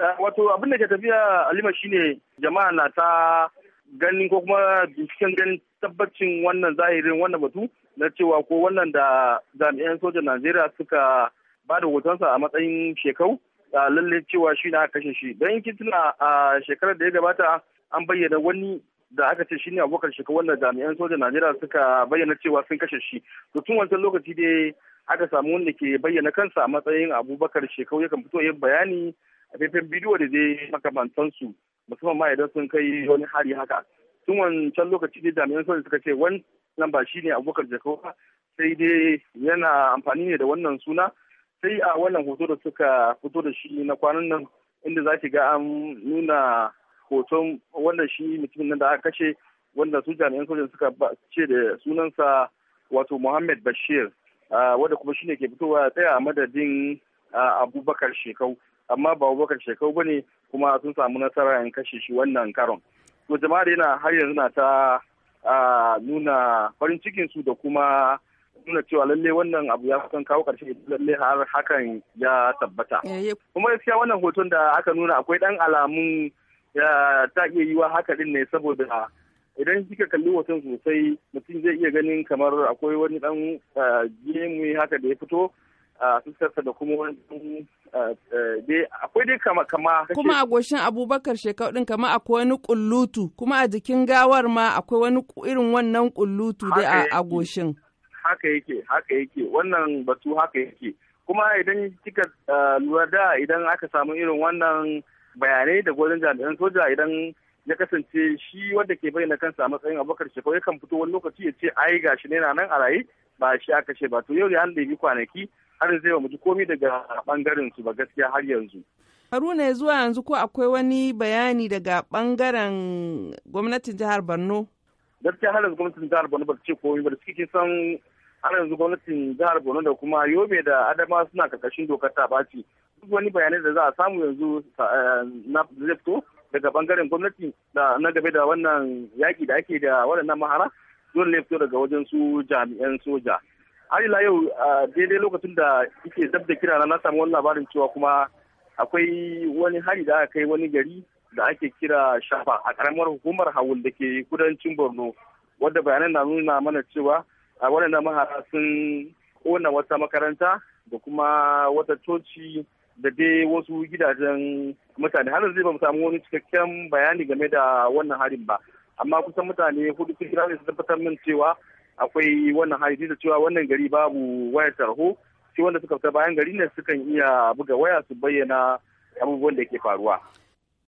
Eh, wato abin da ke tafiya Alima shine jama'a na ta ganin ko kuma binciken ganin tabbacin wannan zahirin wannan batu na cewa ko wannan da jami'an sojan Najeriya suka ba da hotonsa a matsayin shekau a eh, lalle cewa shi na kashe shi don kin tuna a shekarar da ya gabata an bayyana wani da aka ce shi ne abokan shekau wanda jami'an sojan Najeriya suka bayyana cewa sun kashe shi to tun wancan lokaci dai aka samu wanda ke bayyana kansa a matsayin abubakar shekau yakan fito yin bayani a faifan bidiyo da dai makamantansu musamman ma idan sun kai wani hari haka tun wancan lokaci da jami'an soja suka ce wannan ba shine abubakar jakau ba sai dai yana amfani ne da wannan suna sai a wannan hoto da suka fito da shi na kwanan nan inda za ki ga an nuna hoton wanda shi mutumin nan da aka kashe wanda su jami'an sojan suka ce da sunansa wato Muhammad Bashir ah, wanda kuma shine ke fitowa tsaya a madadin ah, Abubakar Shekau amma ba Abubakar ba ne kuma sun samu nasara in kashe shi wannan karon. To jama'ar yana har yanzu na ta nuna farin cikin su da kuma nuna cewa lalle wannan abu ya kusan kawo karshe lalle har hakan ya tabbata. Eh, kuma gaskiya wannan hoton da aka nuna akwai dan alamun ta iya yiwa haka din ne saboda idan kika kalli hoton sosai mutum zai iya ganin kamar akwai wani dan eh, gemu haka da ya fito a fuskarsa da kuma wani akwai dai kama kama kuma a goshin abubakar shekau din kama akwai wani kullutu kuma a jikin gawar ma akwai wani irin wannan kullutu dai a goshin haka yake haka yake wannan batu haka yake kuma idan kika lura da idan aka samu irin wannan bayanai da gwajin jami'an soja idan ya kasance shi wanda ke bayyana kansa a matsayin abubakar shekau yakan fito wani lokaci ya ce ai gashi ne na nan a raye ba shi aka ce ba to yau ne an kwanaki har zai wa mutu komi daga bangaren su ba gaskiya har yanzu Haruna zuwa yanzu ko akwai wani bayani daga bangaren gwamnatin jihar Borno gaskiya har yanzu gwamnatin jihar Borno ba ce komi ba da suke san har yanzu gwamnatin jihar Borno da kuma Yobe da Adama suna karkashin dokar ta baci duk wani bayanai da za a samu yanzu eh, na zai daga bangaren gwamnati da na game da wannan yaƙi da ake da waɗannan mahara dole ne fito daga wajen su jami'an soja har ila yau daidai lokacin da ike zab da kira na samu wani labarin cewa kuma akwai wani hari da aka kai wani gari da ake kira shafa a karamar hukumar hawul da ke kudancin borno wadda bayanan na nuna mana cewa a waɗannan mahara sun kona wata makaranta da kuma wata coci da dai wasu gidajen mutane har zai ba mu samu wani cikakken bayani game da wannan harin ba amma kusan mutane hudu sun kira ne su tabbatar min cewa akwai wannan hali da cewa wannan gari babu wayar tarho shi wanda suka fita bayan gari ne sukan iya buga waya su bayyana abubuwan da ke faruwa